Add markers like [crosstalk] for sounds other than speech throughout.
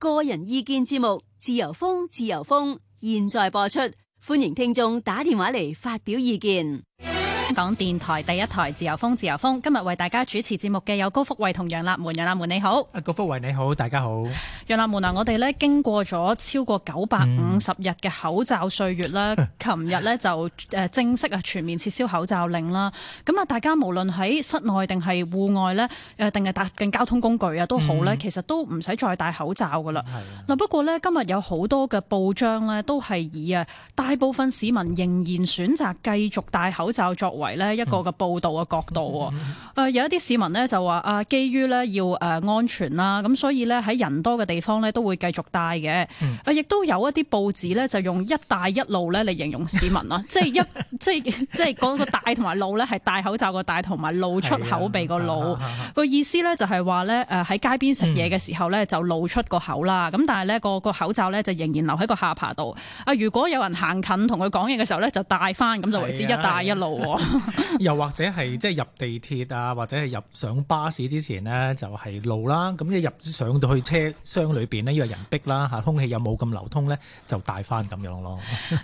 個人意見節目，自由風，自由風，現在播出，歡迎聽眾打電話嚟發表意見。香港電台第一台自由風，自由風，今日為大家主持節目嘅有高福慧同楊立門，楊立門你好，阿高福慧你好，大家好。楊立門，嗱我哋咧經過咗超過九百五十日嘅口罩歲月啦，琴日咧就誒正式啊全面撤銷口罩令啦。咁啊，大家無論喺室內定係戶外咧，誒定係搭近交通工具啊都好咧、嗯，其實都唔使再戴口罩噶啦。嗱，不過咧今日有好多嘅報章咧都係以啊大部分市民仍然選擇繼續戴口罩作。為咧一個嘅報道嘅角度，誒有一啲市民呢，就話啊，基於咧要誒安全啦，咁所以呢，喺人多嘅地方呢，都會繼續戴嘅。啊，亦都有一啲報紙呢，就用一帶一路呢嚟形容市民啦， [laughs] 即係一即係即係個戴同埋露呢，係戴口罩個戴同埋露出口鼻個露。個意思呢，就係話呢，誒喺街邊食嘢嘅時候呢，就露出個口啦，咁但係呢，個個口罩呢，就仍然留喺個下巴度。啊，如果有人行近同佢講嘢嘅時候呢，就戴翻，咁就為之一帶一路。 [laughs] [laughs] 又或者係即係入地鐵啊，或者係入上巴士之前呢，就係、是、路啦。咁一入上到去車廂裏邊呢，因為人逼啦，吓空氣又冇咁流通呢，就戴返咁樣咯。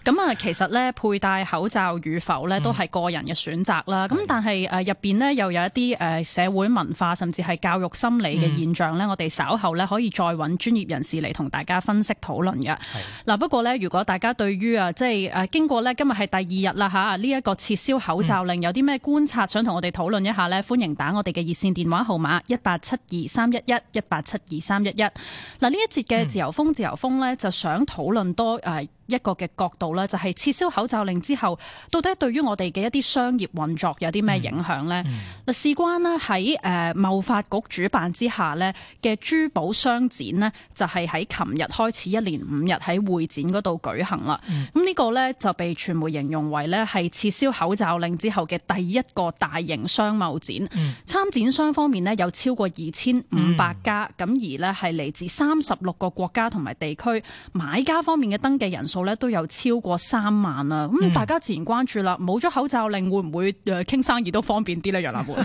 咁啊，其實呢，佩戴口罩與否呢，都係個人嘅選擇啦。咁、嗯、但係誒入邊呢，又有一啲誒社會文化，甚至係教育心理嘅現象呢、嗯。我哋稍後呢，可以再揾專業人士嚟同大家分析討論嘅。嗱，不過呢，如果大家對於啊即係誒經過呢今日係第二日啦吓，呢、這、一個撤銷口。就、嗯、令有啲咩觀察，想同我哋討論一下呢？歡迎打我哋嘅熱線電話號碼一八七二三一一一八七二三一一。嗱，呢一節嘅自由風自由風呢就想討論多誒一個嘅角度咧，就係、是、撤銷口罩令之後，到底對於我哋嘅一啲商業運作有啲咩影響咧？嗱、嗯，事關咧喺誒貿發局主辦之下咧嘅珠寶商展咧，就係喺琴日開始一連五日喺會展嗰度舉行啦。咁、嗯、呢、呢個咧就被傳媒形容為咧係撤銷口罩令之後嘅第一個大型商貿展。參、嗯、展商方面咧有超過二千五百家，咁、嗯、而咧係嚟自三十六個國家同埋地區買家方面嘅登記人數。度咧都有超過三萬啦，咁大家自然關注啦。冇咗口罩令，會唔會誒傾生意都方便啲咧？楊立滿。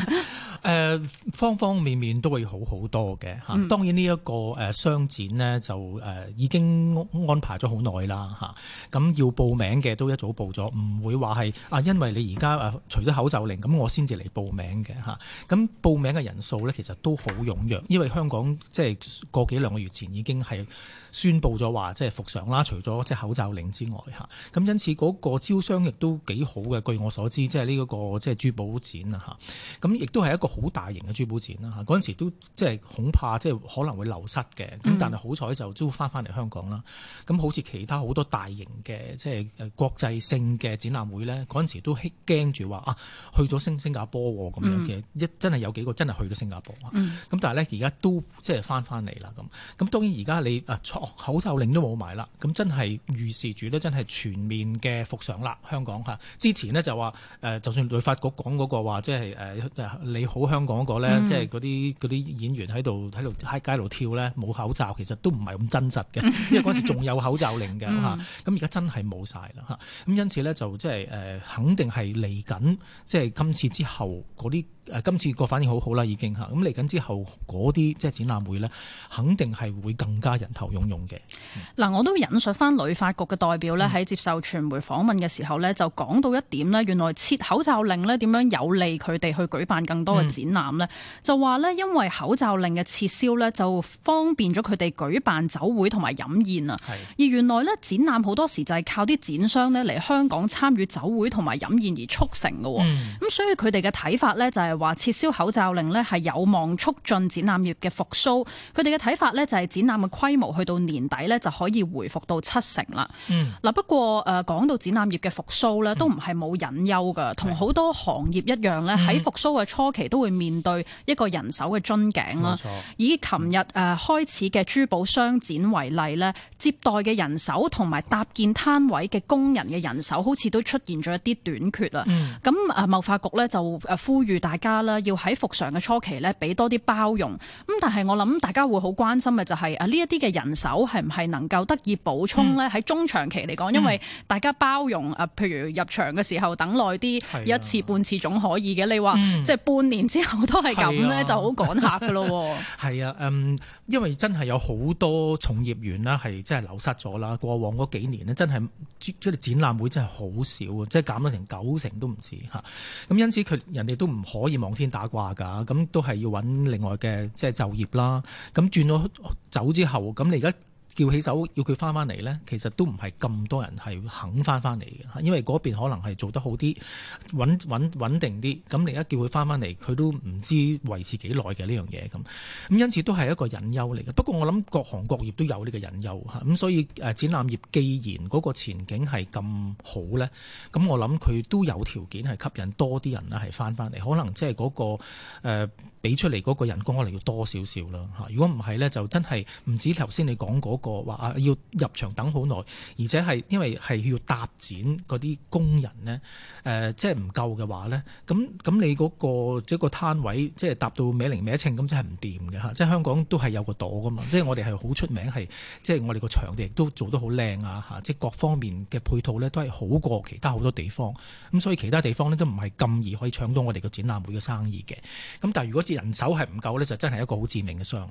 誒方方面面都會好好多嘅嚇，當然呢一個誒商展呢就誒已經安排咗好耐啦嚇，咁要報名嘅都一早報咗，唔會話係啊，因為你而家誒除咗口罩令咁，我先至嚟報名嘅嚇，咁報名嘅人數呢，其實都好踴躍，因為香港即係個幾兩個月前已經係宣布咗話即係復常啦，除咗即係口罩令之外嚇，咁因此嗰個招商亦都幾好嘅，據我所知即係呢一個即係珠寶展啊嚇，咁亦都係一個。好大型嘅珠寶展啦嚇，嗰陣時都即係恐怕即係可能會流失嘅，咁但係好彩就都翻翻嚟香港啦。咁、嗯、好似其他好多大型嘅即係誒國際性嘅展覽會咧，嗰陣時都驚住話啊，去咗星新加坡喎咁、嗯、樣嘅，一真係有幾個真係去咗新加坡啊。咁、嗯、但係咧而家都即係翻翻嚟啦咁。咁當然而家你啊，口罩令都冇埋啦。咁真係預示住咧，真係全面嘅服上啦香港吓之前咧就話誒就算對法局講嗰個話，即係誒你好。香港嗰咧，即係嗰啲啲演員喺度喺度喺街度跳咧，冇口罩，其實都唔係咁真實嘅，因為嗰時仲有口罩令嘅嚇。咁而家真係冇晒啦嚇。咁因此咧，就即係誒，肯定係嚟緊，即係今次之後嗰啲。今次個反應好好啦，已經吓，咁嚟緊之後嗰啲即係展覽會呢，肯定係會更加人頭涌涌嘅。嗱，我都引述翻旅發局嘅代表呢，喺接受傳媒訪問嘅時候呢，就、嗯、講到一點呢，原來撤口罩令呢點樣有利佢哋去舉辦更多嘅展覽呢？嗯、就話呢，因為口罩令嘅撤銷呢，就方便咗佢哋舉辦酒會同埋飲宴啊。而原來呢，展覽好多時就係靠啲展商呢嚟香港參與酒會同埋飲宴而促成嘅喎。咁、嗯、所以佢哋嘅睇法呢，就係、是。話撤銷口罩令咧，係有望促進展覽業嘅復蘇。佢哋嘅睇法呢，就係展覽嘅規模去到年底呢，就可以回復到七成啦。嗯。嗱，不過誒，講到展覽業嘅復蘇呢，都唔係冇隱憂噶。同好多行業一樣呢，喺復蘇嘅初期都會面對一個人手嘅樽頸啦。冇錯。以琴日誒開始嘅珠寶商展為例呢，接待嘅人手同埋搭建攤位嘅工人嘅人手，好似都出現咗一啲短缺啦。嗯。咁誒，貿發局呢就誒呼籲大。家啦，要喺復常嘅初期咧，俾多啲包容。咁但係我諗大家會好關心嘅就係啊，呢一啲嘅人手係唔係能夠得以補充咧？喺、嗯、中長期嚟講，因為大家包容啊，譬如入場嘅時候等耐啲、啊，一次半次總可以嘅。你話、嗯、即係半年之後都係咁咧，就好趕客噶咯。係 [laughs] 啊、嗯，因為真係有好多從業員啦，係真係流失咗啦。過往嗰幾年呢，真係出出嚟展覽會真係好少啊，即係減咗成九成都唔止嚇。咁因此佢人哋都唔可以。以望天打卦㗎，咁都係要揾另外嘅即係就業啦。咁轉咗走之後，咁你而家，叫起手要佢翻翻嚟咧，其實都唔係咁多人係肯翻翻嚟嘅，因為嗰邊可能係做得好啲，穩穩穩定啲。咁你一叫佢翻翻嚟，佢都唔知維持幾耐嘅呢樣嘢咁。咁因此都係一個隱憂嚟嘅。不過我諗各行各業都有呢個隱憂吓，咁所以誒展覽業既然嗰個前景係咁好咧，咁我諗佢都有條件係吸引多啲人啦，係翻翻嚟。可能即係嗰個誒俾、呃、出嚟嗰個人工可能要多少少啦吓，如果唔係咧，就真係唔止頭先你講嗰、那個。個話啊，要入場等好耐，而且係因為係要搭展嗰啲工人呢，誒、呃，即係唔夠嘅話呢。咁咁你嗰、嗰個即、嗰個攤位，即係搭到歪零歪一稱，咁即係唔掂嘅吓，即係香港都係有個朵噶嘛，即係我哋係好出名，係即係我哋個場地都做得好靚啊吓，即係各方面嘅配套呢，都係好過其他好多地方，咁所以其他地方呢，都唔係咁易可以搶到我哋個展覽會嘅生意嘅，咁但係如果人手係唔夠呢，就真係一個好致命嘅傷啦。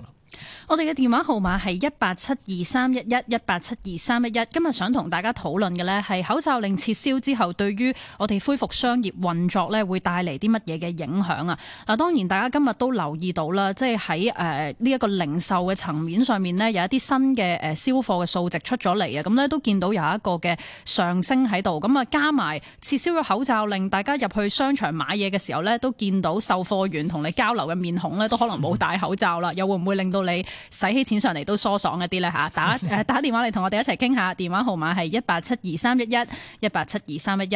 我哋嘅電話號碼係一八七二。二三一一一八七二三一一，今日想同大家討論嘅呢係口罩令撤銷之後，對於我哋恢復商業運作呢會帶嚟啲乜嘢嘅影響啊？嗱，當然大家今日都留意到啦，即係喺誒呢一個零售嘅層面上面呢，有一啲新嘅誒銷貨嘅數值出咗嚟啊！咁呢都見到有一個嘅上升喺度，咁啊加埋撤銷咗口罩令，大家入去商場買嘢嘅時候呢，都見到售貨員同你交流嘅面孔呢，都可能冇戴口罩啦，又會唔會令到你使起錢上嚟都疏爽一啲呢？吓？ [laughs] 打誒打電話嚟同我哋一齊傾下，電話號碼係一八七二三一一一八七二三一一。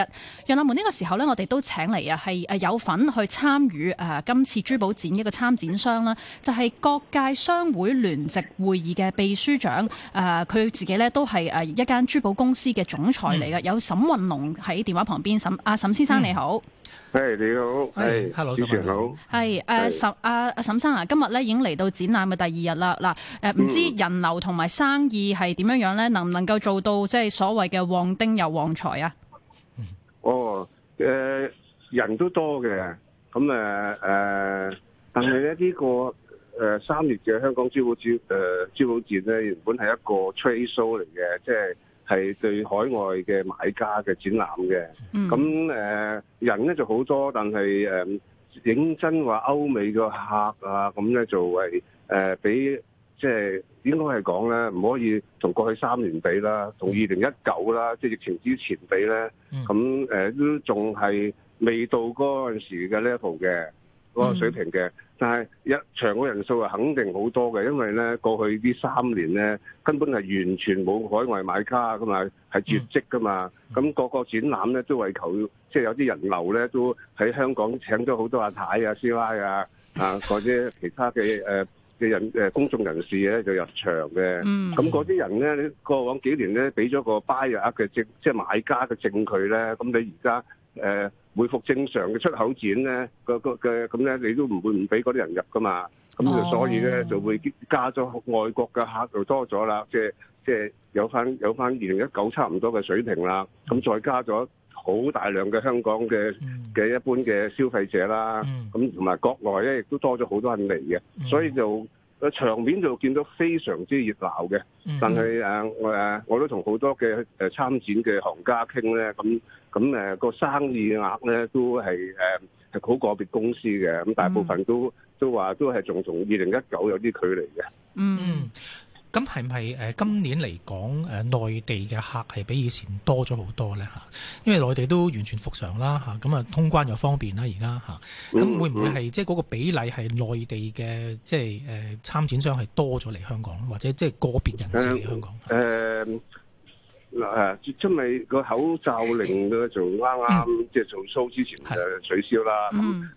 楊立門呢個時候呢，我哋都請嚟啊，係有份去參與、呃、今次珠寶展一個參展商啦，就係、是、各界商會聯席會議嘅秘書長佢、呃、自己呢都係一間珠寶公司嘅總裁嚟嘅、嗯，有沈運龍喺電話旁邊，沈阿、啊、沈先生你好。嗯係、hey, 你好，係，係羅 Sir 好，係、hey, uh,，誒、啊，沈阿阿沈生啊，今日咧已經嚟到展覽嘅第二日啦，嗱，誒，唔知人流同埋生意係點樣樣咧、嗯，能唔能夠做到即係所謂嘅旺丁又旺財啊？哦，誒、呃，人都多嘅，咁、嗯、誒，誒、呃，但係咧呢、這個誒、呃、三月嘅香港珠寶展，誒、呃，珠寶展咧原本係一個 trade show 嚟嘅，即係。係對海外嘅買家嘅展覽嘅，咁誒、呃、人咧就好多，但係誒、嗯、認真話歐美嘅客啊，咁咧就係誒、呃、比即係應該係講咧，唔可以同過去三年比啦，同二零一九啦，即係疫情之前比咧，咁誒都仲係未到嗰陣時嘅 level 嘅、嗰個水平嘅。但係入場嘅人數係肯定好多嘅，因為咧過去呢三年咧根本係完全冇海外買家噶嘛，係絕跡噶嘛。咁個個展覽咧都為求即係有啲人流咧都喺香港請咗好多阿太啊、師奶啊啊或者其他嘅誒嘅人誒公眾人士咧就入場嘅。咁嗰啲人咧過往幾年咧俾咗個 buyer 啊、啊嘅證即係買家嘅證據咧，咁你而家。誒、呃、回復正常嘅出口展咧，個嘅咁咧，咁咁你都唔會唔俾嗰啲人入㗎嘛，咁就所以咧、oh. 就會加咗外國嘅客就多咗啦，即係即係有返有返二零一九差唔多嘅水平啦，咁再加咗好大量嘅香港嘅嘅、mm. 一般嘅消費者啦，咁同埋國內咧亦都多咗好多人嚟嘅，所以就。Mm. 個場面就見到非常之熱鬧嘅，但係誒誒，我都同好多嘅誒參展嘅行家傾咧，咁咁誒個生意額咧都係誒係好個別公司嘅，咁大部分都都話都係仲同二零一九有啲距離嘅。嗯。咁係唔係今年嚟講，誒內地嘅客係比以前多咗好多咧，因為內地都完全復常啦，咁啊通關又方便啦。而家咁會唔會係即係嗰個比例係內地嘅即係誒參展商係多咗嚟香港，或者即係個別人士嚟香港？誒嗱誒，因為個口罩令剛剛、嗯、呢，就啱啱即係做 show 之前就取消啦，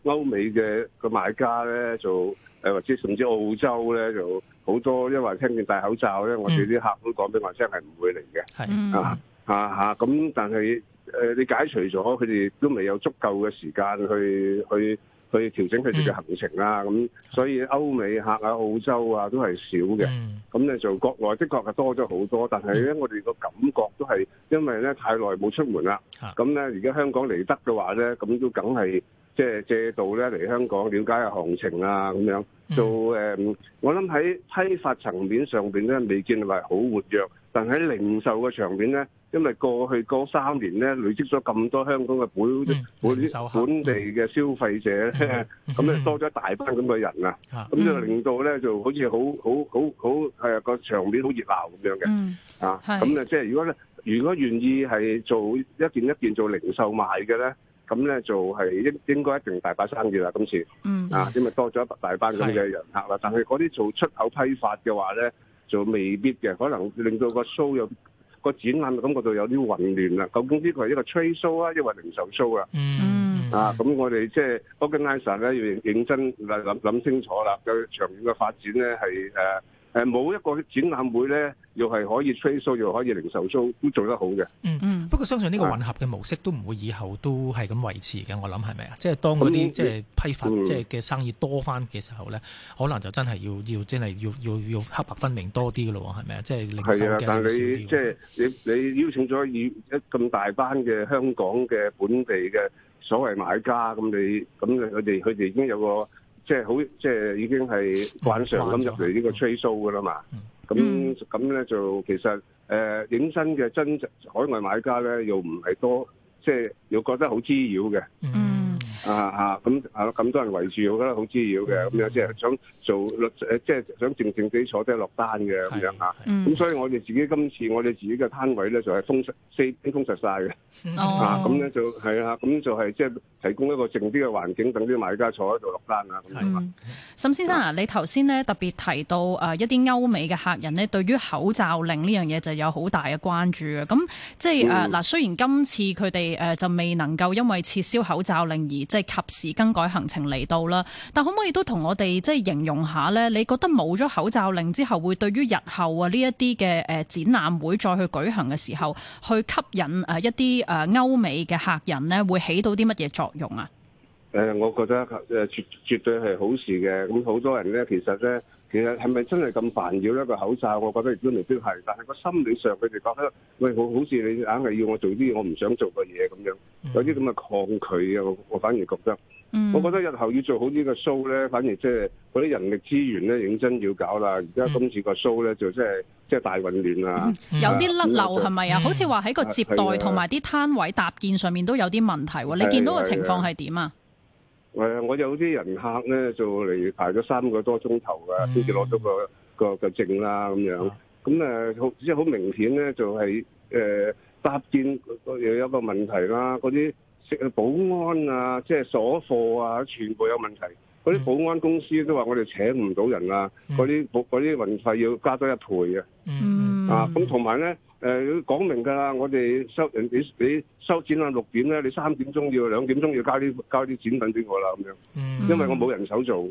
歐美嘅個買家咧就或者甚至澳洲咧就。做好多，因為聽見戴口罩咧、嗯，我哋啲客都講俾我聽，係唔會嚟嘅。啊咁但係、呃、你解除咗，佢哋都未有足夠嘅時間去去去調整佢哋嘅行程啦。咁、嗯啊、所以歐美客啊、澳洲啊都係少嘅。咁、嗯、咧就國內的確多咗好多，但係咧、嗯、我哋個感覺都係因為咧太耐冇出門啦。咁咧而家香港嚟得嘅話咧，咁都梗係。即係借道咧嚟香港了解下行情啊，咁樣，做誒、嗯，我諗喺批發層面上邊咧未見係好活躍，但喺零售嘅場面咧，因為過去嗰三年咧累積咗咁多香港嘅本、嗯、本地嘅消費者咧，咁、嗯、啊、 [laughs] 嗯、多咗一大班咁嘅人啊，咁、嗯、就令到咧就好似好好好好係個場面好熱鬧咁樣嘅、嗯，啊咁啊即係如果咧，如果願意係做一件一件做零售賣嘅咧。咁咧就係應應該一定大把生意啦，今次，嗯啊，因為多咗一大班咁嘅人客啦。但係嗰啲做出口批發嘅話咧，就未必嘅，可能令到個 show、那個、展覽感覺有個轉眼咁，嗰度有啲混亂啦。究竟呢個係一個 t r a d show 啊，亦或零售 show 嗯啊，咁、嗯啊、我哋即係 o r g a n i s a t i 咧要認真諗諗清楚啦，嘅長遠嘅發展咧係誒。誒、呃、冇一個展覽會咧，又係可以 trade show，又可以零售 show，都做得好嘅。嗯嗯。不過相信呢個混合嘅模式都唔會以後都係咁維持嘅，我諗係咪啊？即係當嗰啲即係批發即係嘅生意多返嘅時候咧、嗯，可能就真係要要真係要要要黑白分明多啲咯，係咪啊？即、就、係、是、零售嘅。係啊，即、就、係、是、你你邀請咗以一咁大班嘅香港嘅本地嘅所謂買家，咁你咁佢哋佢哋已經有個。即係好，即係已經係慣常咁入嚟呢個 trade show 噶啦嘛。咁咁咧就其實誒、呃、影新嘅真，真海外買家咧又唔係多，即係又覺得好滋擾嘅。嗯啊咁啊咁多人圍住，我覺得好滋擾嘅。咁樣即係想做即係、呃、想靜靜地坐低落單嘅咁樣咁、嗯、所以我哋自己今次我哋自己嘅攤位咧就係封，封，封，封，封實晒封嘅。咁、哦、咧、啊、就係啊咁就係即係提供一個靜啲嘅環境，等啲買家坐喺度落單啊。咁、嗯、沈先生啊，啊你頭先咧特別提到誒一啲歐美嘅客人呢，對於口罩令呢樣嘢就有好大嘅關注，咁即係嗱、呃嗯，雖然今次佢哋誒就未能夠因為撤銷口罩令而即係。即係及時更改行程嚟到啦，但可唔可以都同我哋即係形容下呢？你覺得冇咗口罩令之後會對於日後啊呢一啲嘅誒展覽會再去舉行嘅時候，去吸引誒一啲誒歐美嘅客人呢，會起到啲乜嘢作用啊？誒，我覺得絕絕對係好事嘅，咁好多人呢，其實呢。其實係咪真係咁煩擾咧？個口罩，我覺得亦都未必係，但係個心理上佢哋覺得，喂，我好似你硬係要我做啲我唔想做嘅嘢咁樣，有啲咁嘅抗拒嘅，我反而覺得、嗯。我覺得日後要做好呢個 show 咧，反而即係嗰啲人力資源咧，認真要搞啦。而家今次個 show 咧，就真係即係大混亂啦、嗯嗯嗯啊。有啲甩漏係咪、嗯、啊？好似話喺個接待同埋啲攤位搭建上面都有啲問題。你見到個情況係點啊？係啊，我有啲人客咧，就嚟排咗三個多鐘頭嘅，先至攞到個個個證啦咁樣。咁誒，即係好明顯咧，就係、是、誒、呃、搭建有有一個問題啦，嗰啲食保安啊，即係鎖貨啊，全部有問題。嗰啲保安公司都話我哋請唔到人啊，嗰啲嗰啲運費要加多一倍，mm. 啊，啊咁同埋咧，誒要講明噶啦，我哋收人你你收錢啊六點咧，你三點鐘要兩點鐘要交啲交啲展品俾我啦咁樣，mm. 因為我冇人手做，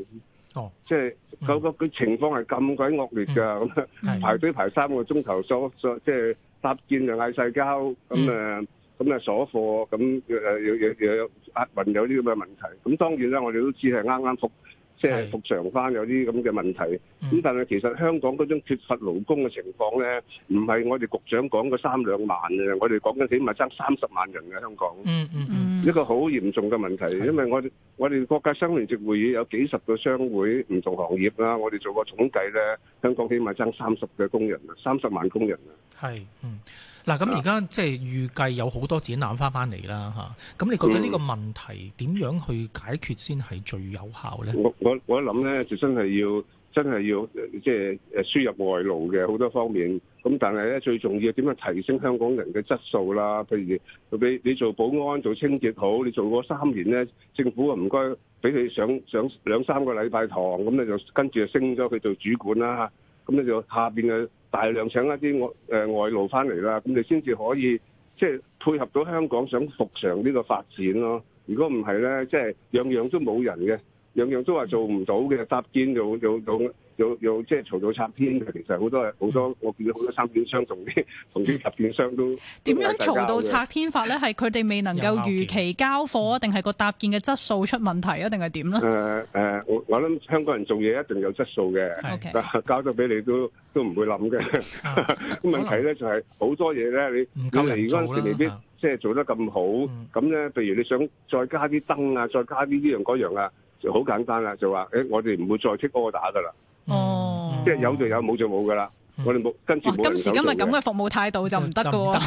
即係嗰個嗰個情況係咁鬼惡劣噶，咁、mm. 嗯、排隊排三個鐘頭，所所即係搭建就嗌世交咁誒。咁啊，鎖貨咁誒，有有有有壓運有啲咁嘅問題。咁當然啦，我哋都只係啱啱復即係復常返有啲咁嘅問題。咁但係其實香港嗰種缺乏勞工嘅情況咧，唔係我哋局長講嘅三兩萬啊，我哋講緊起碼爭三十萬人嘅香港。嗯嗯嗯，一個好嚴重嘅問題，因為我我哋各界商會聯席會議有幾十個商會唔同行業啦，我哋做過統計咧，香港起碼爭三十嘅工人啊，三十萬工人啊。係，嗯。嗱，咁而家即係預計有好多展覽翻翻嚟啦，吓，咁你覺得呢個問題點樣去解決先係最有效咧，嗯？我我我諗咧，就真係要真係要即係誒輸入外勞嘅好多方面。咁但係咧，最重要點樣提升香港人嘅質素啦？譬如你你做保安做清潔好，你做過三年咧，政府啊唔該俾佢上上兩三個禮拜堂，咁你就跟住就升咗佢做主管啦。吓，咁你就下邊嘅。大量請一啲外勞翻嚟啦，咁你先至可以即係、就是、配合到香港想復常呢個發展咯。如果唔係咧，即係樣樣都冇人嘅，樣樣都話做唔到嘅，搭建就。又又。有有即係嘈到拆天嘅，其實好多好多，我見到好多三建商同啲同啲搭建商都點樣嘈到拆天法咧？係佢哋未能夠如期交貨啊？定係個搭建嘅質素出問題啊？定係點咧？誒、呃、誒、呃，我我諗香港人做嘢一定有質素嘅、okay. 啊，交咗俾你都都唔會諗嘅。問、okay. [laughs] 問題咧就係、是、好、啊、多嘢咧，你你嚟嗰陣時未必即係做得咁好。咁、嗯、咧，譬如你想再加啲燈啊，再加啲呢樣嗰樣啊，就好簡單啦，就話、欸、我哋唔會再出嗰打㗎啦。哦、嗯，即係有就有，冇就冇噶啦。我哋冇跟住冇、哦。今時今日咁嘅服務態度就唔得噶喎。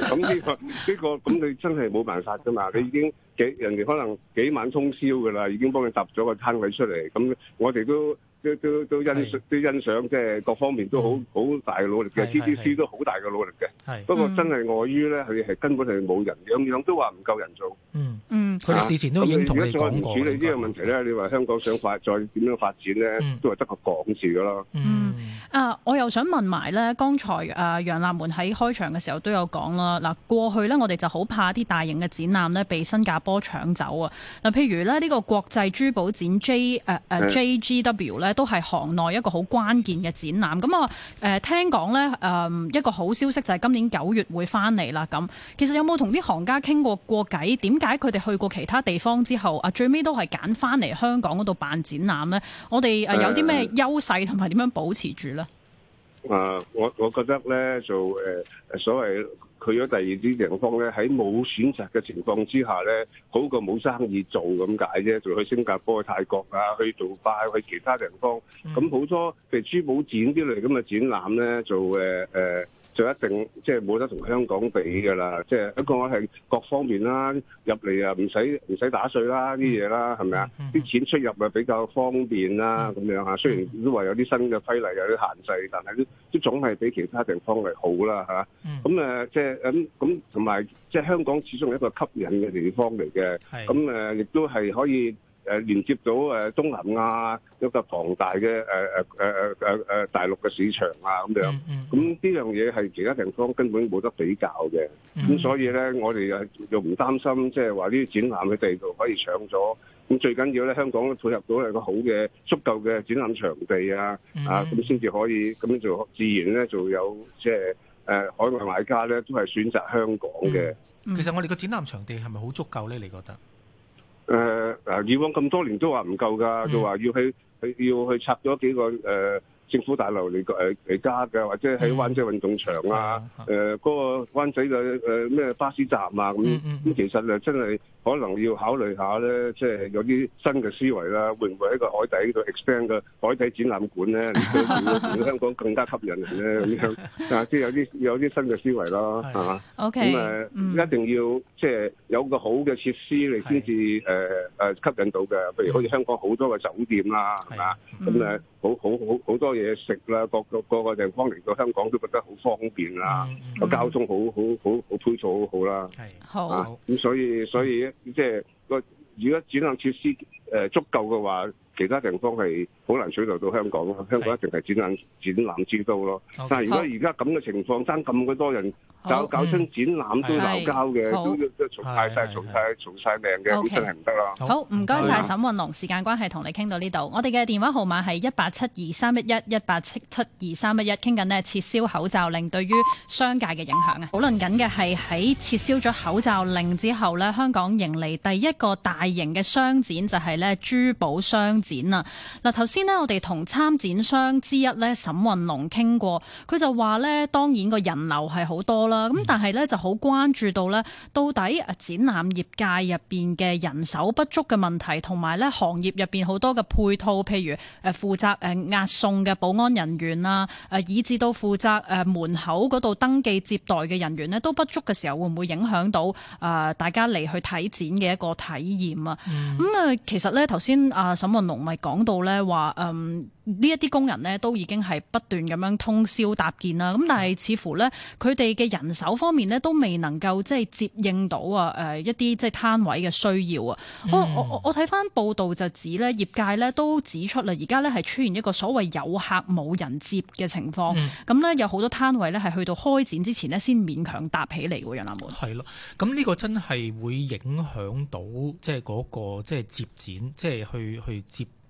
咁呢個呢個，咁 [laughs] [laughs] 你真係冇辦法噶嘛？ [laughs] 你已經幾人哋可能幾晚通宵噶啦，已經幫你搭咗個攤位出嚟。咁我哋都。都都都欣賞都欣賞，即係各方面都好好大嘅努力嘅，TDC 都好大嘅努力嘅。不過真係礙於呢，佢係根本係冇人，樣樣都話唔夠人做。嗯嗯，佢哋事前都已經同你講過。咁你如果再唔處理呢個問題呢，你話香港想發再點樣發展呢？都係得個講字㗎啦。嗯啊，我又想問埋呢，剛才啊、呃、楊立門喺開場嘅時候都有講啦。嗱，過去呢，我哋就好怕啲大型嘅展覽呢，被新加坡搶走啊。嗱，譬如呢，呢個國際珠寶展 J J G W 咧。Uh, JGW, 都係行內一個好關鍵嘅展覽，咁啊，誒，聽講咧，誒，一個好消息就係今年九月會翻嚟啦。咁，其實有冇同啲行家傾過過偈？點解佢哋去過其他地方之後啊，最尾都係揀翻嚟香港嗰度辦展覽咧？我哋誒有啲咩優勢同埋點樣保持住咧？誒、呃，我我覺得咧就誒，所謂。去咗第二啲地方咧，喺冇選擇嘅情況之下咧，好過冇生意做咁解啫。就去新加坡、泰國啊，去杜拜，去其他地方。咁好多譬如珠寶展之類咁嘅展覽咧，就誒、呃就一定即係冇得同香港比噶啦，即係一個係各方面啦，入嚟啊唔使唔使打稅啦啲嘢啦，係咪啊？啲、嗯、錢出入啊比較方便啦，咁、嗯、樣嚇。雖然都話有啲新嘅規例有啲限制，但係都都總係比其他地方係好啦嚇。咁、啊、誒、嗯，即係咁咁，同、嗯、埋即係香港始終係一個吸引嘅地方嚟嘅。咁誒，亦都係可以。誒連接到誒東南亞一個龐大嘅誒誒誒大陸嘅市場啊咁樣，咁、mm、呢 -hmm. 樣嘢係其他地方根本冇得比較嘅。咁、mm -hmm. 所以咧，我哋又又唔擔心，即係話呢啲展覽嘅地圖可以搶咗。咁最緊要咧，香港配合到有個好嘅足夠嘅展覽場地、mm -hmm. 啊，啊咁先至可以咁樣就自然咧就有即係誒海外買家咧都係選擇香港嘅。Mm -hmm. 其實我哋個展覽場地係咪好足夠咧？你覺得？誒、呃，以往咁多年都話唔夠㗎，就話要去去要去拆咗幾個誒。呃政府大樓嚟個誒嚟加嘅，或者喺灣仔運動場啊，誒、嗯、嗰、嗯呃嗰個灣仔嘅誒咩巴士站啊，咁、嗯、咁、嗯、其實誒真係可能要考慮下咧，即、就、係、是、有啲新嘅思維啦，會唔會喺個海底度 expand 個海底展覽館咧，令到 [laughs] 香港更加吸引人咧咁樣啊！即、就、係、是、有啲有啲新嘅思維囉，嚇。O K. 咁誒一定要即係、就是、有個好嘅設施嚟先至誒誒吸引到嘅，譬如好似香港好多嘅酒店啦、啊，係咪咁誒。嗯好好好好多嘢食啦，各各、各個地方嚟到香港都覺得好方便啦，個、嗯嗯、交通好好好好配套好好啦，係好咁、啊嗯、所以所以即係個如果展覽設施誒足夠嘅話。其他地方係好難取代到香港咯，香港一定係展覽展覽之都咯。但係如果而家咁嘅情況，爭咁鬼多人搞搞親展覽都鬧交嘅，都都嘈曬曬嘈曬嘈曬命嘅，真係唔得啦。好，唔該晒。Okay, 謝謝沈運龍，時間關係同你傾到呢度。我哋嘅電話號碼係一八七二三一一一八七七二三一一，傾緊呢，撤銷口罩令對於商界嘅影響啊。討論緊嘅係喺撤銷咗口罩令之後呢，香港迎嚟第一個大型嘅商展就係咧珠寶商展啦，嗱，頭先呢，我哋同參展商之一咧沈運龍傾過，佢就話咧，當然個人流係好多啦，咁但係咧就好關注到咧，到底展覽業界入邊嘅人手不足嘅問題，同埋咧行業入邊好多嘅配套，譬如誒負責誒押送嘅保安人員啊，誒以至到負責誒門口嗰度登記接待嘅人員咧都不足嘅時候，會唔會影響到誒大家嚟去睇展嘅一個體驗啊？咁啊，其實咧頭先啊沈運龍。同咪講到咧話，嗯。呢一啲工人呢，都已經係不斷咁樣通宵搭建啦，咁但係似乎呢，佢哋嘅人手方面呢，都未能夠即係接應到啊誒一啲即係攤位嘅需要啊、嗯！我我我睇返報道就指呢業界呢，都指出啦，而家呢係出現一個所謂有客冇人接嘅情況，咁、嗯、呢，有好多攤位呢係去到開展之前呢，先勉強搭起嚟嘅喎，楊亞梅。係咯，咁呢個真係會影響到即係嗰個即係、就是、接展，即、就、係、是、去去接。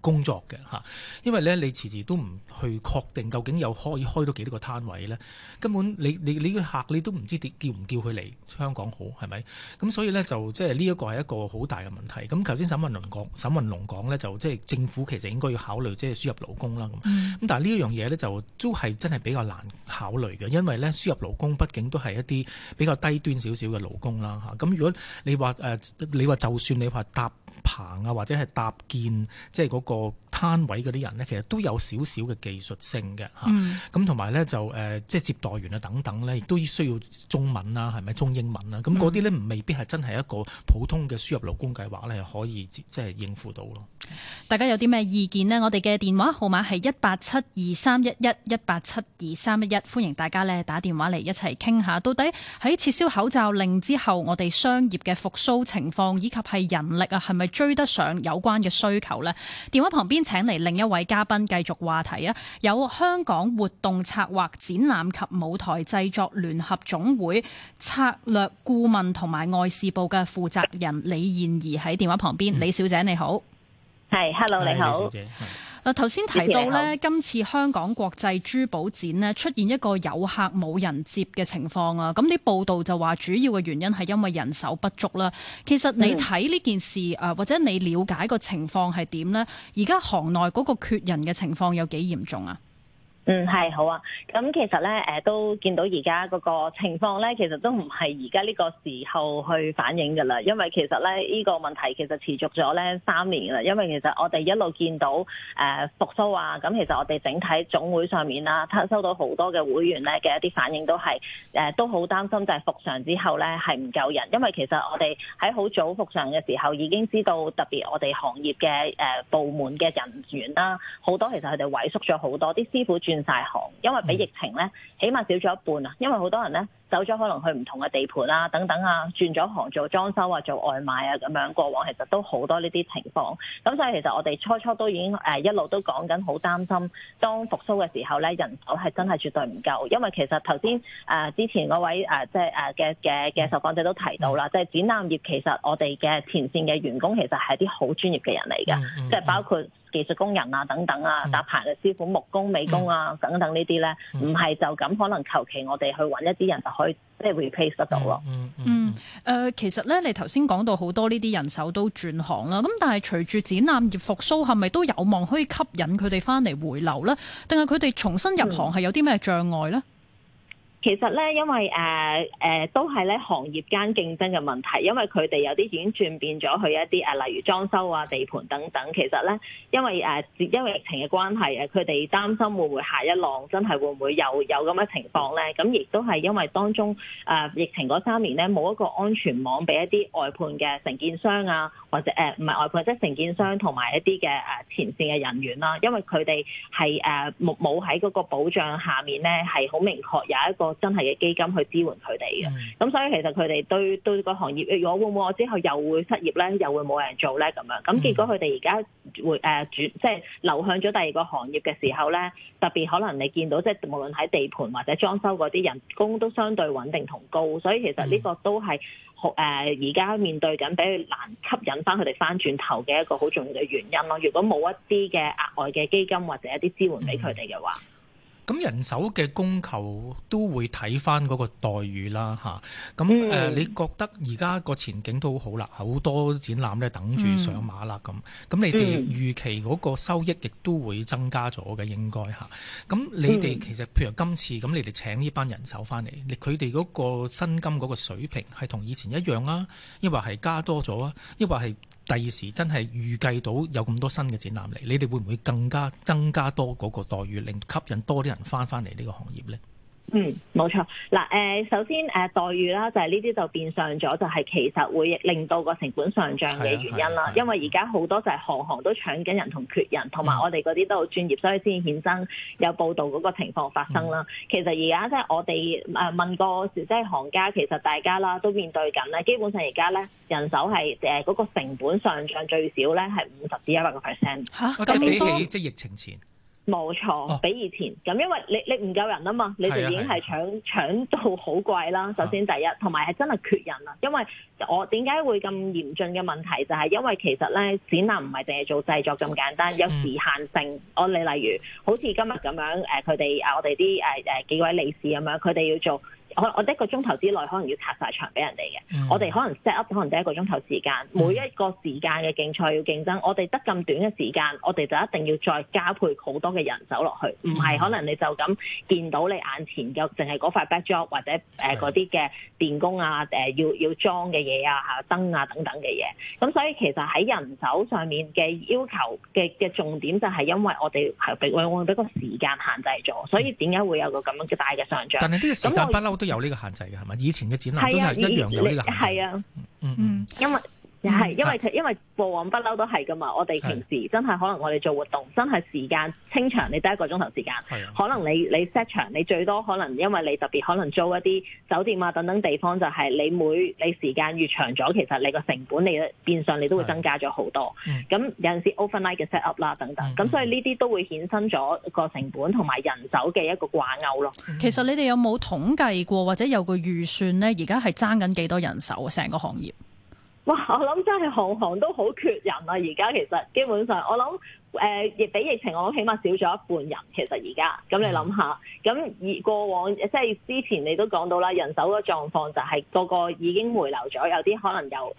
工作嘅嚇，因為咧你遲遲都唔去確定究竟又可以開到幾多個攤位咧，根本你你你個客你都唔知叫唔叫佢嚟香港好係咪？咁所以咧就即係呢一個係一個好大嘅問題。咁頭先沈運龍講，沈運龍講咧就即係政府其實應該要考慮即係輸入勞工啦。咁咁但係呢樣嘢咧就都係真係比較難考慮嘅，因為咧輸入勞工畢竟都係一啲比較低端少少嘅勞工啦嚇。咁如果你話誒，你話就算你話搭。棚啊，或者係搭建即係嗰個攤位嗰啲人呢，其實都有少少嘅技術性嘅吓。咁同埋呢，就誒，即係接待員啊等等呢，亦都需要中文啦，係咪中英文啦？咁嗰啲呢，未必係真係一個普通嘅輸入勞工計劃呢，可以即係應付到咯。大家有啲咩意見呢？我哋嘅電話號碼係一八七二三一一一八七二三一一，歡迎大家呢，打電話嚟一齊傾下，到底喺撤銷口罩令之後，我哋商業嘅復甦情況以及係人力啊係。係追得上有關嘅需求呢？電話旁邊請嚟另一位嘉賓繼續話題啊！有香港活動策劃展覽及舞台製作聯合總會策略顧問同埋外事部嘅負責人李彥儀喺電話旁邊。嗯，李小姐你好，係，hello 你好。嗱，頭先提到咧，今次香港國際珠寶展呢，出現一個有客冇人接嘅情況啊，咁啲報道就話主要嘅原因係因為人手不足啦。其實你睇呢件事啊，或者你了解個情況係點呢？而家行內嗰個缺人嘅情況有幾嚴重啊？嗯係好啊，咁其實咧，誒都見到而家嗰個情況咧，其實都唔係而家呢個時候去反映噶啦，因為其實咧呢、這個問題其實持續咗咧三年啦，因為其實我哋一路見到誒復蘇啊，咁其實我哋整體總會上面啦、啊，收到好多嘅會員咧嘅一啲反應都係誒、呃、都好擔心，就係復常之後咧係唔夠人，因為其實我哋喺好早復常嘅時候已經知道，特別我哋行業嘅誒、呃、部門嘅人員啦、啊，好多其實佢哋萎縮咗好多，啲師傅轉。晒行，因為比疫情咧，起碼少咗一半啊！因為好多人咧。走咗可能去唔同嘅地盤啦，等等啊，轉咗行做裝修啊，做外賣啊咁樣。過往其實都好多呢啲情況。咁所以其實我哋初初都已經誒、呃、一路都講緊好擔心，當復甦嘅時候咧，人手係真係絕對唔夠。因為其實頭先誒之前嗰位誒、呃、即係誒嘅嘅嘅受訪者都提到啦，即係展覽業其實我哋嘅前線嘅員工其實係啲好專業嘅人嚟嘅、嗯嗯，即係包括技術工人啊，等等啊，搭、嗯、棚嘅師傅、木工、美工啊，等等這些呢啲咧，唔係就咁可能求其我哋去揾一啲人就。即係 replace 得到咯。嗯嗯，誒、嗯呃，其實咧，你頭先講到好多呢啲人手都轉行啦。咁但係隨住展覽業復甦，係咪都有望可以吸引佢哋翻嚟回流咧？定係佢哋重新入行係有啲咩障礙咧？嗯其實咧，因為誒誒、呃呃、都係咧行業間競爭嘅問題，因為佢哋有啲已經轉變咗去一啲誒、呃，例如裝修啊、地盤等等。其實咧，因為誒、呃，因為疫情嘅關係啊，佢哋擔心會唔會下一浪真係會唔會有有咁嘅情況咧？咁、嗯、亦都係因為當中誒、呃、疫情嗰三年咧，冇一個安全網俾一啲外判嘅承建商啊。或者誒唔係外判，或者承建商同埋一啲嘅誒前線嘅人員啦，因為佢哋係誒冇冇喺嗰個保障下面咧，係好明確有一個真係嘅基金去支援佢哋嘅。咁所以其實佢哋對對個行業，如果會唔會我之後又會失業咧，又會冇人做咧咁樣。咁結果佢哋而家會誒轉，即係流向咗第二個行業嘅時候咧，特別可能你見到即係無論喺地盤或者裝修嗰啲人工都相對穩定同高，所以其實呢個都係誒而家面對緊比較難吸引。翻佢哋翻轉頭嘅一個好重要嘅原因咯。如果冇一啲嘅額外嘅基金或者一啲支援俾佢哋嘅話。嗯咁人手嘅供求都會睇翻嗰個待遇啦，吓，咁、嗯、誒、呃、你覺得而家個前景都好啦，好多展覽咧等住上馬啦，咁、嗯、咁你哋預期嗰個收益亦都會增加咗嘅應該吓，咁你哋其實譬如今次咁，你哋請呢班人手翻嚟，你佢哋嗰個薪金嗰個水平係同以前一樣啊，抑或係加多咗啊，抑或係第二時真係預計到有咁多新嘅展覽嚟，你哋會唔會更加增加多嗰個待遇，令吸引多啲人？翻翻嚟呢個行業咧，嗯，冇錯嗱，誒，首先誒待遇啦，就係呢啲就變相咗，就係、是、其實會令到個成本上漲嘅原因啦、啊啊啊。因為而家好多就係行行都搶緊人同缺人，同、嗯、埋我哋嗰啲都好專業，所以先衍生有報導嗰個情況發生啦、嗯。其實而家即係我哋誒問過即係、就是、行家，其實大家啦都面對緊咧，基本上而家咧人手係誒嗰個成本上漲最少咧係五十至一百個 percent 嚇，即係比起即係疫情前。冇錯，比以前咁、哦，因為你你唔夠人啊嘛，你就已經係搶搶、啊、到好貴啦。首先第一，同埋係真係缺人啦。因為我點解會咁嚴峻嘅問題？就係、是、因為其實咧，展覽唔係淨係做製作咁簡單，有時限性。嗯、我你例如好似今日咁樣，佢哋啊，我哋啲誒誒幾位理事咁樣，佢哋要做。我我一個鐘頭之內可能要拆晒場俾人哋嘅，我哋可能 set up 可能第一個鐘頭時，時間，每一個時間嘅競賽要競爭，我哋得咁短嘅時間，我哋就一定要再加配好多嘅人手落去，唔係可能你就咁見到你眼前嘅淨係嗰塊 backdrop 或者誒嗰啲嘅電工啊誒、呃、要要裝嘅嘢啊嚇、啊、燈啊等等嘅嘢，咁所以其實喺人手上面嘅要求嘅嘅重點就係因為我哋係被我我俾個時間限制咗，所以點解會有個咁樣嘅大嘅上漲？但係呢個有呢個限制嘅，係咪以前嘅展覽都係一樣有呢個限制？係啊，嗯嗯，因為。係，因為、嗯、因為過往不嬲都係噶嘛。我哋平時真係可能我哋做活動，真係時間清場你得一個鐘頭時間，可能你你 set 場，你最多可能因為你特別可能租一啲酒店啊等等地方，就係你每你時間越長咗，其實你個成本你變相你都會增加咗好多。咁有陣時 overnight 嘅 set up 啦等等，咁、嗯、所以呢啲都會衍生咗個成本同埋人手嘅一個掛鈎咯。其實你哋有冇統計過或者有個預算呢？而家係爭緊幾多人手啊？成個行業。哇！我諗真係行行都好缺人啦啊，而家其實基本上我諗。誒，亦比疫情我諗起碼少咗一半人，其實而家咁你諗下，咁而過往即係之前你都講到啦，人手嘅狀況就係個個已經回流咗，有啲可能又誒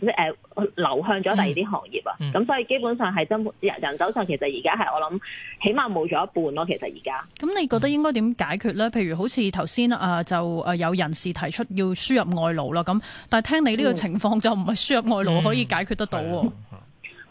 誒誒流向咗第二啲行業啊，咁、嗯、所以基本上係真人手上其實而家係我諗起碼冇咗一半咯，其實而家。咁你覺得應該點解決咧？譬如好似頭先啊，就有人士提出要輸入外勞啦，咁但係聽你呢個情況、嗯、就唔係輸入外勞可以解決得到喎。 [laughs]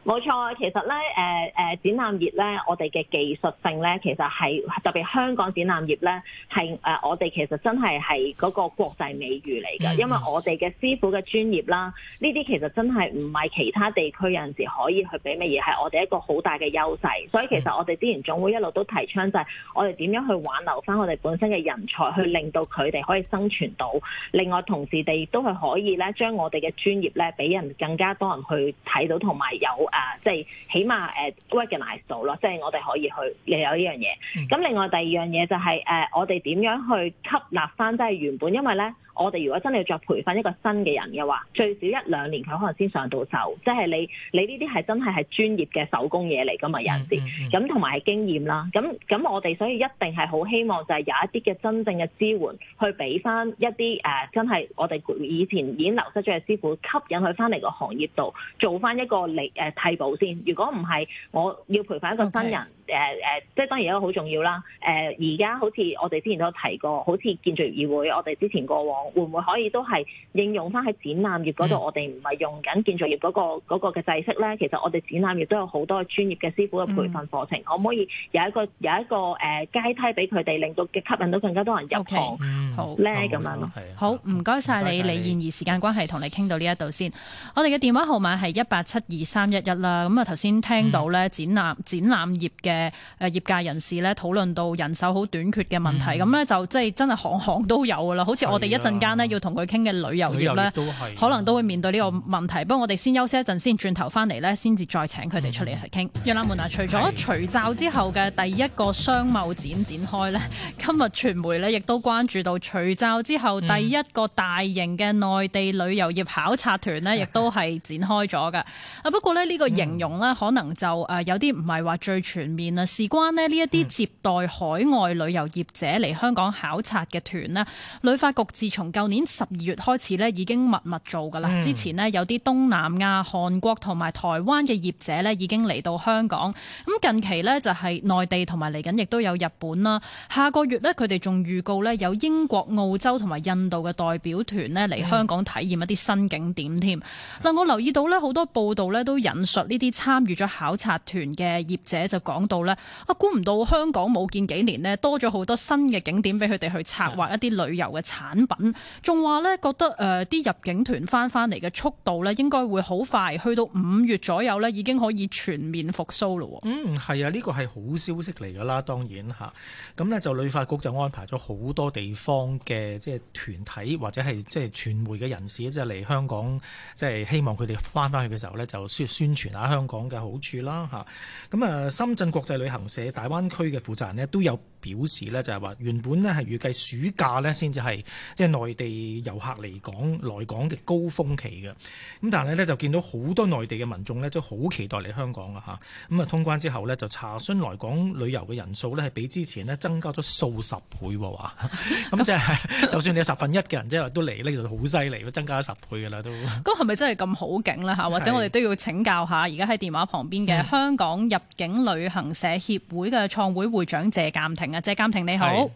冇錯，其實咧，誒、呃、誒、呃、展覽業咧，我哋嘅技術性咧，其實係特別香港展覽業咧，係誒、呃、我哋其實真係係嗰個國際美譽嚟㗎，因為我哋嘅師傅嘅專業啦，呢啲其實真係唔係其他地區人士可以去比咩，而係我哋一個好大嘅優勢。所以其實我哋之前總會一路都提倡就係我哋點樣去挽留返我哋本身嘅人才，去令到佢哋可以生存到，另外同時地亦都可以咧將我哋嘅專業咧俾人更加多人去睇到，同埋有。啊，即係起碼誒 work in hand 咯，即係我哋可以去又有呢樣嘢。咁、嗯、另外第二樣嘢就係、是、誒、呃，我哋點樣去吸納返即係原本，因為咧。我哋如果真係要再培訓一個新嘅人嘅話，最少一兩年佢可能先上到手。即係你你呢啲係真係係專業嘅手工嘢嚟㗎嘛，有陣時咁同埋係經驗啦。咁咁我哋所以一定係好希望就係有一啲嘅真正嘅支援去俾翻一啲誒、呃，真係我哋以前已經流失咗嘅師傅，吸引佢翻嚟個行業度做翻一個嚟誒、呃、替補先。如果唔係，我要培訓一個新人誒、okay. 呃呃、即係當然一個好重要啦。而、呃、家好似我哋之前都提過，好似建築業協會，我哋之前過往。會唔會可以都係應用翻喺展覽業嗰度？我哋唔係用緊建造業嗰個嘅制式咧。其實我哋展覽業都有好多專業嘅師傅嘅培訓課程，嗯、可唔可以有一個有一個誒、呃、階梯俾佢哋，令到吸引到更加多人入行咧？咁樣咯。好唔該晒你，李彥儀。而時間關係，同你傾到呢一度先。我哋嘅電話號碼係一八七二三一一啦。咁啊，頭先聽到咧展覽展覽業嘅誒業界人士咧、嗯、討論到人手好短缺嘅問題，咁、嗯、咧就即係真係行行都有噶啦。好似我哋一陣間呢要同佢傾嘅旅遊業呢，可能都會面對呢個問題。不、嗯、過我哋先休息一陣先，轉頭返嚟呢，先至再請佢哋出嚟一齊傾。一拉門啊，Yolamuna, 除咗除罩之後嘅第一個商貿展展開呢，今日傳媒呢亦都關注到除罩之後第一個大型嘅內地旅遊業考察團呢，亦都係展開咗㗎。啊、嗯、不過呢，呢個形容呢，可能就誒有啲唔係話最全面啊。事關呢，呢一啲接待海外旅遊業者嚟香港考察嘅團呢，旅發局自從從舊年十二月開始咧，已經密密做噶啦。之前呢，有啲東南亞、韓國同埋台灣嘅業者呢，已經嚟到香港。咁近期呢就係內地同埋嚟緊，亦都有日本啦。下個月呢，佢哋仲預告呢有英國、澳洲同埋印度嘅代表團呢嚟香港體驗一啲新景點添。嗱，我留意到呢，好多報道呢都引述呢啲參與咗考察團嘅業者就講到呢啊，估唔到香港冇見幾年呢，多咗好多新嘅景點俾佢哋去策劃一啲旅遊嘅產品。仲話呢，覺得誒啲、呃、入境團翻翻嚟嘅速度咧，應該會好快，去到五月左右呢，已經可以全面復甦咯。嗯，係啊，呢個係好消息嚟㗎啦，當然嚇。咁呢就旅發局就安排咗好多地方嘅即係團體或者係即係傳媒嘅人士即係嚟香港，即係希望佢哋翻翻去嘅時候呢，就宣宣傳下香港嘅好處啦嚇。咁啊，深圳國際旅行社大灣區嘅負責人呢，都有表示呢，就係話原本呢係預計暑假呢先至係即係內。內地遊客嚟港，來港嘅高峰期嘅，咁但係咧就見到好多內地嘅民眾呢，民眾都好期待嚟香港噶吓，咁啊通關之後呢，就查詢來港旅遊嘅人數呢，係比之前呢增加咗數十倍喎，咁 [laughs] 即係就算你十分一嘅人即係都嚟呢度好犀利，增加咗十倍噶啦都。咁係咪真係咁好景咧吓？或者我哋都要請教下，而家喺電話旁邊嘅香港入境旅行社協會嘅創會會長謝淦廷啊，謝淦廷你好。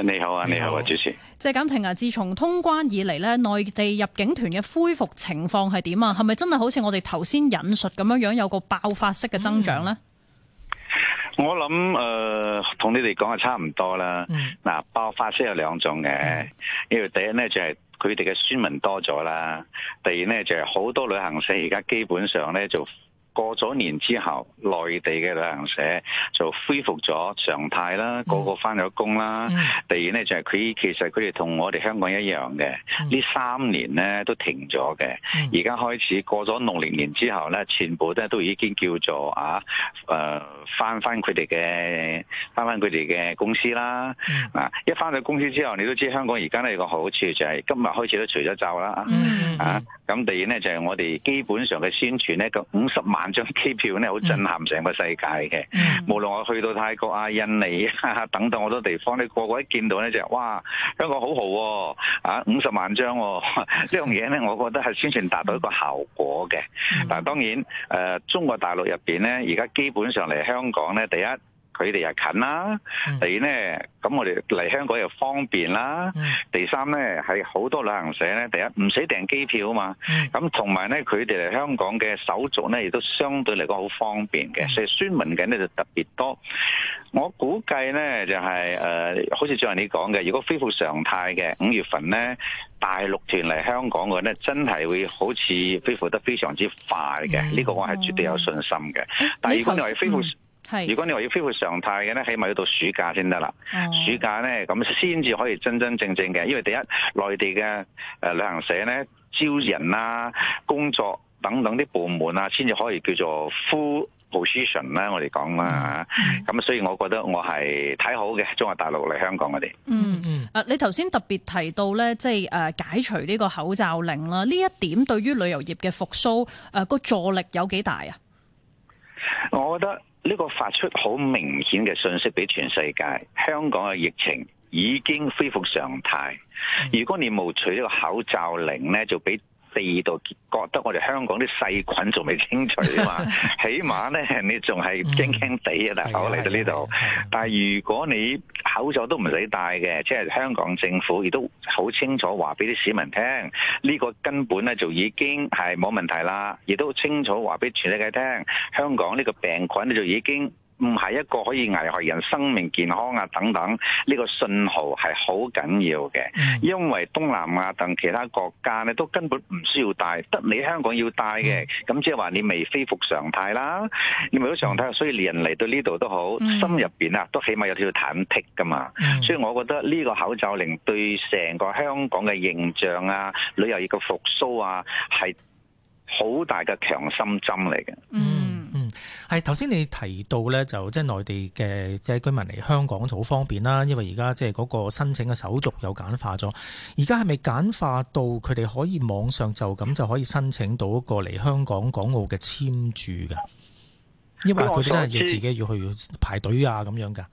你好啊，你好啊，主持謝淦廷啊！自從通關以嚟咧，內地入境團嘅恢復情況係點啊？係咪真係好似我哋頭先引述咁樣樣有個爆發式嘅增長咧、嗯？我諗誒，同、呃、你哋講嘅差唔多啦。嗱、嗯，爆發式有兩種嘅，因為第一咧就係佢哋嘅宣文多咗啦，第二咧就係、是、好多旅行社而家基本上咧就。過咗年之後，內地嘅旅行社就恢復咗常態啦，個個翻咗工啦。第二咧就係、是、佢，其實佢哋同我哋香港一樣嘅，呢三年咧都停咗嘅。而家開始過咗六零年之後咧，全部咧都已經叫做啊誒翻翻佢哋嘅翻翻佢哋嘅公司啦、嗯。一翻到公司之後，你都知香港而家咧有個好處就係、是、今日開始都除咗罩啦。啊，咁第二咧就係我哋基本上嘅宣傳咧，個五十萬。萬張機票咧，好震撼成個世界嘅。Mm. 無論我去到泰國啊、印尼、啊、等等好多地方，你個個一見到咧就哇，香港好豪啊，五十萬張、啊、呢樣嘢咧，我覺得係宣傳達到一個效果嘅。但、mm. 當然，誒、呃、中國大陸入邊咧，而家基本上嚟香港咧，第一。佢哋又近啦，第二咧，咁我哋嚟香港又方便啦。第三咧，係好多旅行社咧，第一唔使訂機票啊嘛，咁同埋咧，佢哋嚟香港嘅手續咧，亦都相對嚟講好方便嘅，所以宣傳嘅咧就特別多。我估計咧就係、是、誒、呃，好似正如你講嘅，如果恢復常態嘅五月份咧，大陸團嚟香港嘅咧，真係會好似恢復得非常之快嘅，呢、這個我係絕對有信心嘅。第、啊、二你係恢復。嗯係，如果你話要恢復常態嘅咧，起碼要到暑假先得啦。暑假咧，咁先至可以真真正正嘅，因為第一內地嘅誒旅行社咧招人啊、工作等等啲部門啊，先至可以叫做 full position 啦。我哋講啦，咁所以我覺得我係睇好嘅中國大陸嚟香港嗰啲。嗯嗯，誒、啊，你頭先特別提到咧，即係誒、啊、解除呢個口罩令啦，呢一點對於旅遊業嘅復蘇誒個助力有幾大啊？我覺得。呢個發出好明顯嘅訊息畀全世界，香港嘅疫情已經恢復常態。如果你冇取呢個口罩令呢，就畀。第二度覺得我哋香港啲細菌仲未清除啊嘛， [laughs] 起碼咧你仲係驚驚地啊！大佬嚟到呢度、嗯，但係如果你口罩都唔使戴嘅，即係香港政府亦都好清楚話俾啲市民聽，呢、呢個根本咧就已經係冇問題啦，亦都好清楚話俾全世界聽，香港呢個病菌咧就已經。唔係一個可以危害人生命健康啊！等等，呢、呢個信號係好緊要嘅，因為東南亞等其他國家咧都根本唔需要戴，得你香港要戴嘅。咁即係話你未恢復常態啦，你冇咗常態，所以連人嚟到呢度都好，嗯、心入面啊都起碼有條坦闢噶嘛、嗯。所以我覺得呢個口罩令對成個香港嘅形象啊、旅遊業嘅復甦啊，係好大嘅強心針嚟嘅。嗯。係頭先你提到咧，就即係內地嘅即係居民嚟香港就好方便啦，因為而家即係嗰個申請嘅手續又簡化咗。而家係咪簡化到佢哋可以網上就咁就可以申請到一個嚟香港、港澳嘅簽注㗎？因為佢哋真係要自己要去排隊啊，咁樣㗎。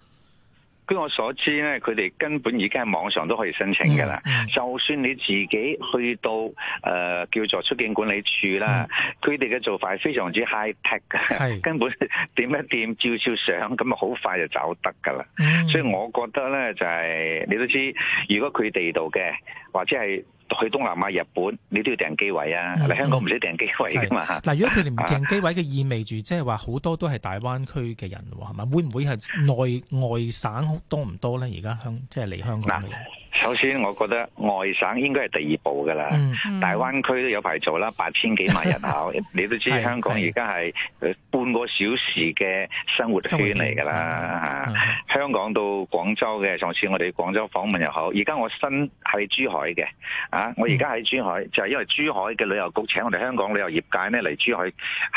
據我所知咧，佢哋根本而家喺網上都可以申請噶啦。Mm -hmm. 就算你自己去到誒、呃、叫做出境管理處啦，佢哋嘅做法係非常之 high tech 嘅、mm -hmm.，根本點一點照照相咁啊，好快就走得噶啦。Mm -hmm. 所以我覺得咧就係、是、你都知道，如果佢哋度嘅或者係。去東南亞、日本，你都要訂機位啊！嚟、嗯、香港唔使訂機位噶嘛。嗱，如果佢哋唔訂機位嘅，意味住即係話好多都係大灣區嘅人喎，係咪？會唔會係內外省多唔多咧？而家香即係嚟香港嘅。嗯首先，我覺得外省應該係第二步㗎啦、嗯。大灣區都有排做啦，八千幾萬人口， [laughs] 你都知香港而家係半個小時嘅生活圈嚟㗎啦。香港到廣州嘅，上次我哋廣州訪問又好。而家我身喺珠海嘅，啊，我而家喺珠海、嗯、就係、是、因為珠海嘅旅遊局請我哋香港旅遊業界咧嚟珠海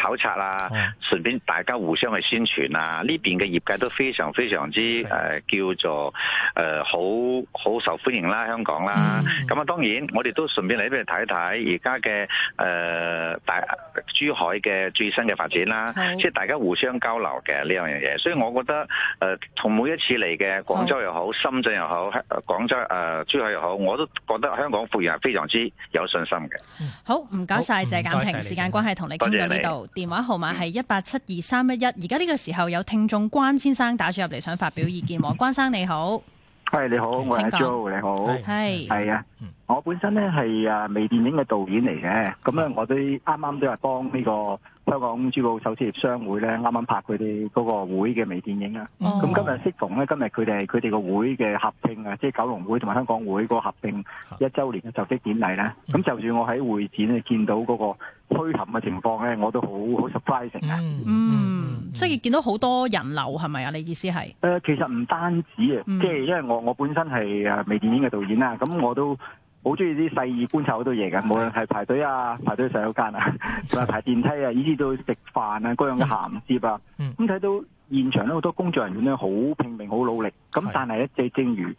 考察啦、嗯，順便大家互相去宣傳啊。呢邊嘅業界都非常非常之誒、呃、叫做誒、呃、好好受歡迎。啦香港啦。咁啊當然我們看看，我哋都順便嚟畀你睇一睇而家嘅誒大珠海嘅最新嘅發展啦，即係、就是、大家互相交流嘅呢樣嘢。所以我覺得誒，從、呃、每一次嚟嘅廣州又好，深圳又好，廣、呃、州誒、呃、珠海又好，我都覺得香港富人係非常之有信心嘅。好，唔該晒謝淦廷，時間關係同你傾到呢度。電話號碼係一八七二三一一。而家呢個時候有聽眾關先生打咗入嚟，想發表意見。王關生你好。 [laughs] 喂，你好，我係阿 Jo，你好，係係啊，我本身咧係啊微電影嘅導演嚟嘅，咁咧我都啱啱都係幫呢個。香港珠寶首飾業商會咧，啱啱拍佢哋嗰個會嘅微電影啊！咁、oh. 今日適逢咧，今日佢哋佢哋個會嘅合併啊，即、就、係、是、九龍會同埋香港會個合併一週年嘅就職典禮咧。咁、oh. 就算我喺會展咧見到嗰個墟冚嘅情況咧，我都好好 surprising 啊！嗯，即係見到好多人流係咪啊？你意思係？誒、呃，其實唔單止啊，即、mm、係 -hmm. 因為我我本身係誒微電影嘅導演啦，咁、oh. 我都。好中意啲細意觀察好多嘢㗎。無論係排隊啊、排隊洗手間啊、同埋排電梯啊，以至到食飯啊嗰樣嘅銜接啊，咁、嗯、睇、嗯、到現場咧好多工作人員咧好拼命、好努力，咁但係咧即正如誒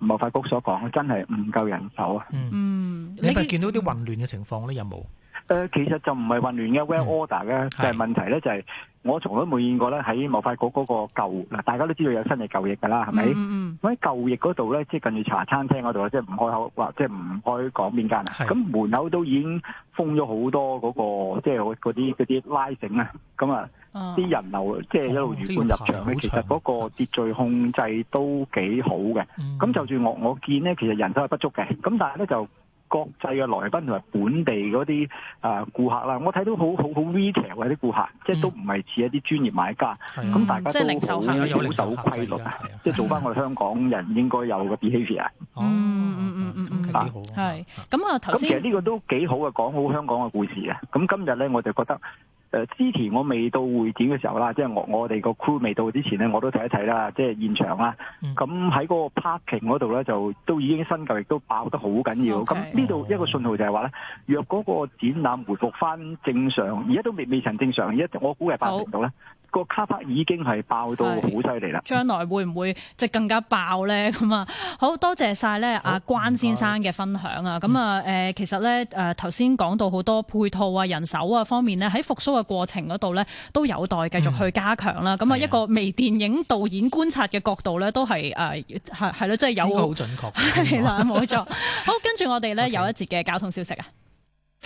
貿發局所講，真係唔夠人手啊！嗯，你咪見到啲混亂嘅情況咧有冇？誒、呃，其實就唔係混亂嘅、嗯、well order 嘅就係、是、問題咧，就係我從來都冇見過咧，喺某法古嗰個舊嗱，大家都知道有新嘅舊翼噶啦，係咪？嗯喺、嗯、舊翼嗰度咧，即、就、係、是、近住茶餐廳嗰度即係唔開口即係唔開講邊間啊。咁門口都已經封咗好多嗰個即係嗰啲嗰啲拉繩啊。咁、嗯、啊，啲人流即係、就是、一路魚貫入場咧、哦，其實嗰個秩序控制都幾好嘅。咁、嗯、就住我我見咧，其實人手係不足嘅。咁但係咧就。國際嘅來賓同埋本地嗰啲啊顧客啦，我睇到好好好 detail 嘅啲顧客，即係都唔係似一啲專業買家，咁、嗯、大家都好守規律，即係 [laughs] 做翻我哋香港人應該有嘅 behaviour、嗯。嗯嗯嗯嗯嗯，幾、嗯、好，係、嗯。咁、嗯、啊，頭、嗯、先其實呢個都幾好嘅，講好香港嘅故事嘅。咁今日咧，我就覺得。誒，之前我未到會展嘅時候啦，即係我我哋個 crew 未到之前咧，我都睇一睇啦，即係現場啦。咁喺嗰個 parking 嗰度咧，就都已經新舊亦都爆得好緊要。咁呢度一個信號就係話咧，若嗰個展覽回復返正常，而家都未未曾正常，而家我估係辦唔到啦。個卡牌已經係爆到好犀利啦！將來會唔會即係更加爆咧？咁啊，好多謝晒咧，阿關先生嘅分享啊！咁、嗯、啊，誒其實咧，誒頭先講到好多配套啊、人手啊方面咧，喺復甦嘅過程嗰度咧，都有待繼續去加強啦。咁、嗯、啊，一個微電影導演觀察嘅角度咧，都係誒係係咯，即係有好、這個、準確。係 [laughs] 啦，冇錯。好，跟住我哋咧有一節嘅交通消息啊！